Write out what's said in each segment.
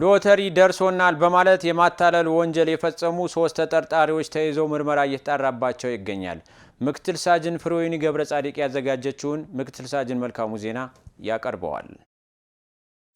ሎተሪ ደርሶናል በማለት የማታለል ወንጀል የፈጸሙ ሶስት ተጠርጣሪዎች ተይዘው ምርመራ እየተጣራባቸው ይገኛል። ምክትል ሳጅን ፍሬወይኒ ገብረ ጻዲቅ ያዘጋጀችውን ምክትል ሳጅን መልካሙ ዜና ያቀርበዋል።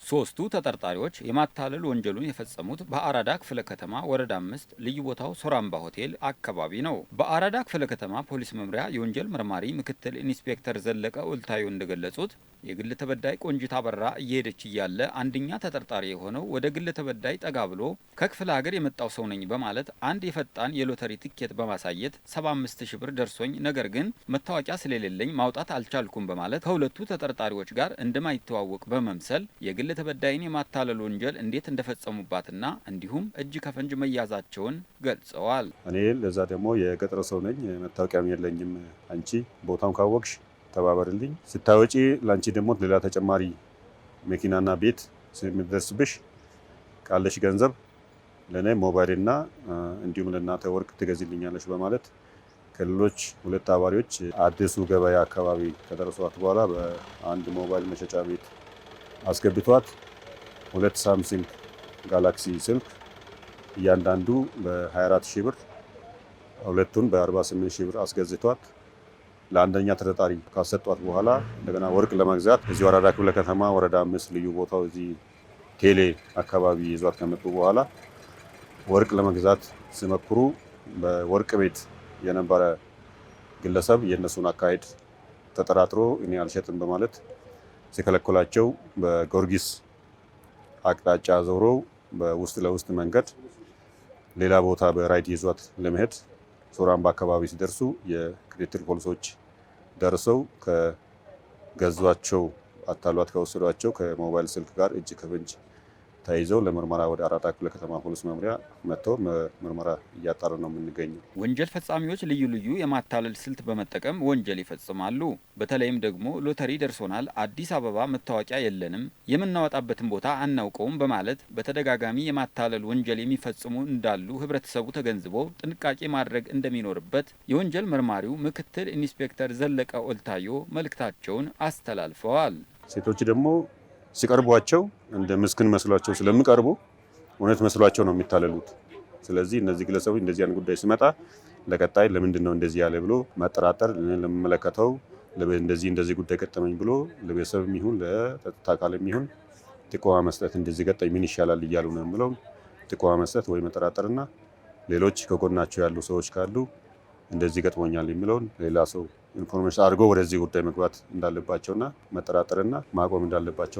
ሶስቱ ተጠርጣሪዎች የማታለል ወንጀሉን የፈጸሙት በአራዳ ክፍለ ከተማ ወረዳ አምስት ልዩ ቦታው ሶራምባ ሆቴል አካባቢ ነው። በአራዳ ክፍለ ከተማ ፖሊስ መምሪያ የወንጀል መርማሪ ምክትል ኢንስፔክተር ዘለቀ ኡልታዩ እንደገለጹት የግል ተበዳይ ቆንጂት አበራ እየሄደች እያለ አንደኛ ተጠርጣሪ የሆነው ወደ ግል ተበዳይ ጠጋ ብሎ ከክፍለ ሀገር የመጣው ሰው ነኝ በማለት አንድ የፈጣን የሎተሪ ትኬት በማሳየት 75 ሺህ ብር ደርሶኝ፣ ነገር ግን መታወቂያ ስለሌለኝ ማውጣት አልቻልኩም በማለት ከሁለቱ ተጠርጣሪዎች ጋር እንደማይተዋወቅ በመምሰል የግል የግል ተበዳይን የማታለል ወንጀል እንዴት እንደፈጸሙባትና እንዲሁም እጅ ከፈንጅ መያዛቸውን ገልጸዋል። እኔ ለዛ ደግሞ የገጠር ሰው ነኝ፣ መታወቂያም የለኝም። አንቺ ቦታውን ካወቅሽ ተባበርልኝ፣ ስታወጪ ለአንቺ ደግሞ ሌላ ተጨማሪ መኪናና ቤት የሚደርስብሽ ካለሽ ገንዘብ ለእኔ ሞባይልና እንዲሁም ለእናተ ወርቅ ትገዝልኛለች በማለት ከሌሎች ሁለት አባሪዎች አዲሱ ገበያ አካባቢ ከደረሷት በኋላ በአንድ ሞባይል መሸጫ ቤት አስገብቷት ሁለት ሳምሲንግ ጋላክሲ ስልክ እያንዳንዱ በ24 ሺህ ብር ሁለቱን በ48 ሺህ ብር አስገዝቷት ለአንደኛ ተጠጣሪ ካሰጧት በኋላ እንደገና ወርቅ ለመግዛት እዚህ ወረዳ ክፍለ ከተማ ወረዳ አምስት ልዩ ቦታው እዚህ ቴሌ አካባቢ ይዟት ከመጡ በኋላ ወርቅ ለመግዛት ሲመክሩ በወርቅ ቤት የነበረ ግለሰብ የእነሱን አካሄድ ተጠራጥሮ እኔ አልሸጥም በማለት ሲከለክላቸው በጊዮርጊስ አቅጣጫ ዞረው በውስጥ ለውስጥ መንገድ ሌላ ቦታ በራይድ ይዟት ለመሄድ ሶራምባ አካባቢ ሲደርሱ የክትትል ፖሊሶች ደርሰው ከገዟቸው አታሏት ከወሰዷቸው ከሞባይል ስልክ ጋር እጅ ከፍንጅ ተይዘው ለምርመራ ወደ አራዳ ክፍለ ከተማ ፖሊስ መምሪያ መጥተው ምርመራ እያጣሩ ነው የምንገኘው። ወንጀል ፈጻሚዎች ልዩ ልዩ የማታለል ስልት በመጠቀም ወንጀል ይፈጽማሉ። በተለይም ደግሞ ሎተሪ ደርሶናል፣ አዲስ አበባ መታወቂያ የለንም፣ የምናወጣበትን ቦታ አናውቀውም በማለት በተደጋጋሚ የማታለል ወንጀል የሚፈጽሙ እንዳሉ ህብረተሰቡ ተገንዝቦ ጥንቃቄ ማድረግ እንደሚኖርበት የወንጀል መርማሪው ምክትል ኢንስፔክተር ዘለቀ ኦልታዮ መልእክታቸውን አስተላልፈዋል። ሴቶች ደግሞ ሲቀርቧቸው እንደ ምስክን መስሏቸው ስለሚቀርቡ እውነት መስሏቸው ነው የሚታለሉት። ስለዚህ እነዚህ ግለሰቦች እንደዚህ አይነት ጉዳይ ሲመጣ ለቀጣይ ለምንድን ነው እንደዚህ ያለ ብሎ መጠራጠር ለሚመለከተው እንደዚህ እንደዚህ ጉዳይ ገጠመኝ ብሎ ለቤተሰብ የሚሆን ለጸጥታ አካል የሚሆን ጥቆማ መስጠት እንደዚህ ገጠኝ ምን ይሻላል እያሉ ነው ብለው ጥቆማ መስጠት ወይ መጠራጠርና ሌሎች ከጎናቸው ያሉ ሰዎች ካሉ እንደዚህ ገጥሞኛል የሚለውን ሌላ ሰው ኢንፎርሜሽን አድርጎ ወደዚህ ጉዳይ መግባት እንዳለባቸውና መጠራጠርና ማቆም እንዳለባቸው